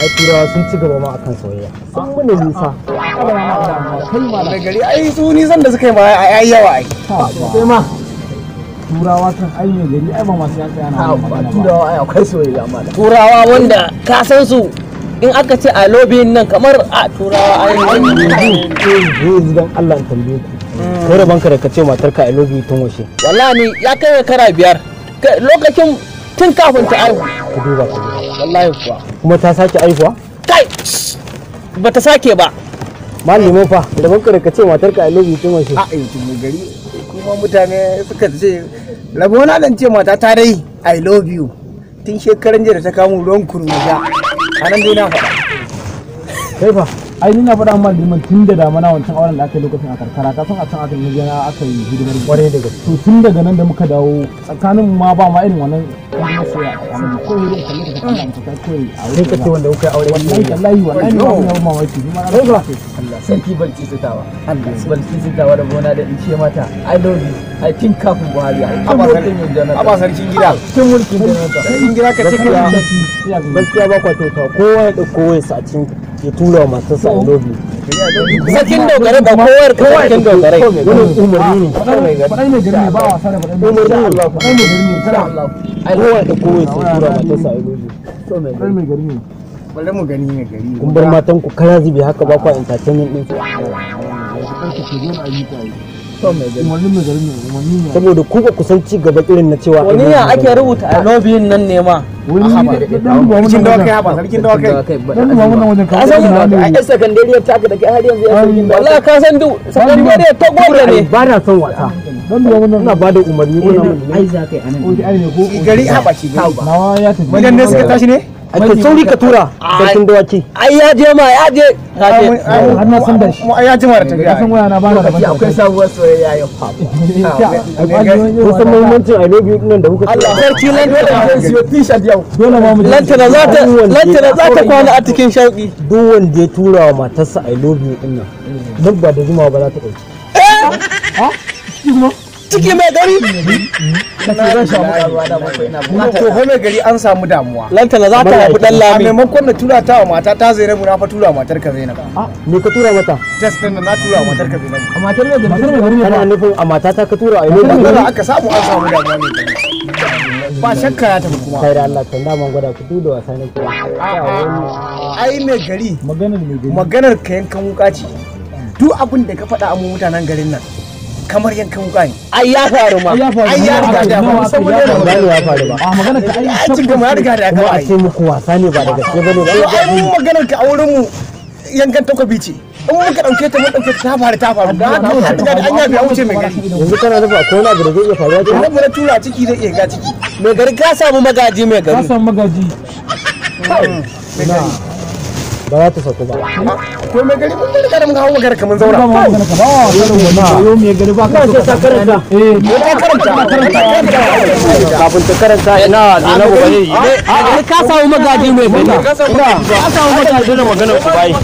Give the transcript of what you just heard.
ai turawa sun ci gaba ma akan soyayya sun mana nisa da gari ai su nisan da suka yi ba ai yawa ai sai ma turawa kan ai ne gari ai ba masu yaka yana magana turawa ai akwai soyayya ma da turawa wanda ka san su in aka ce a lobin nan kamar a turawa ai wani yanzu dan Allah in tambaye ku hmm. kai rabanka da ka ce matarka a lobi tun washe wallahi ni ya kai kara biyar lokacin tun kafin ta aihu ku duba ku duba wallahi kuwa kuma ta sake aihuwa kai ta sake ba malamin fa da bakar ka ce matar ka I love mashi a yi mu gari kuma mutane suka ce rabo na dan ce mata ta dai I love you tun shekaran jiya da ta kamo ruwan kurmuja a nan dai na faɗa kai fa ai ni na faɗa da liman tun da damana wancan auren da aka yi lokacin a karkara ka san a can aka yi gana aka yi hidimar kwarai da gaske to tun daga nan da muka dawo tsakanin ma ba ma irin wannan sai a kan wanda kuka aure wannan ni barci barci da da mata i love you i think kafin Buhari a ba sarkin a ba sarkin gida ah, tun mulkin sarkin gida ka ce kai gaskiya ba kowa ya a cikin ya tura wa matarsa Sakin dogare ga kowar ka dogare. Wani umarni ne. ba Allah. Ai kowar ka kowai sai tura mata sa iloji. mu gani ne gari. Kun bar matan ku kana haka ba ku entertainment din su. Kai ayyuka. saboda kuka kusan ci gaba irin na cewa wani ya ake rubuta a lobin nan ne ma sarkin A kai haba sarkin dawa kai dan wajen a yan ta da kai har yanzu ya sarkin ka san duk ta gora ne ba na son wasa na ba bada umarni ko eh, ai za gari gari ne ake tsori ka tura sarkin dawaki ai ya je ma ya je je har na san da shi mu ai ya je ma da ga san waya na ba da banda akwai sabuwar soyayya ya fa ko san muhimmancin i love you nan da kuka Allah sarki lantana zan siyo t-shirt yau dole ma mu lantana za ta lantana za ta kwana a cikin shauki duk wanda ya tura wa matarsa i love you din nan duk ba da zuma ba za ta dauki eh ha ciki mai gari ko samu gari an samu damuwa lantana za ta haifi dan lami a maimakon na tura ta wa mata ta zainabu na fa tura matar ka zainabu me ka tura mata test din na tura matar ka zainabu a matar da matar da gari ana nufin a mata ta ka tura a yau za aka samu an samu damuwa ne. ba shakka ya tafi kuma kai da Allah kan da man gwada ku dudu da wasa nake ai mai gari maganar mai gari maganar ka yankan wuka ce duk abin da ka faɗa a mutanen garin nan kamar yankin wuka ne ai ya faru ma ai ya riga da ba musamman ya faru ba a ah, magana ka ai cikin gama ya riga da aka ba a ce muku wasa ne ba daga gaske bane ba ai mun magana ka a wurin mu yankan takobi ce in muka dauke ta mun dauke ta faru ta faru da haka an riga da an yafi a wuce mai gari yanzu kana nufa ko na abu da zai faru faruwa ne na tura ciki zai iya ga ciki mai gari ka samu magaji mai gari ka samu magaji hmm. ba za ta sako ba to mai gari mun hawo magana kaman zauna ba mu ka ba yo mai gari ba ka karanta eh ka karanta kafin ta karanta ina ka samu magaji mai ka samu magaji magana ku bai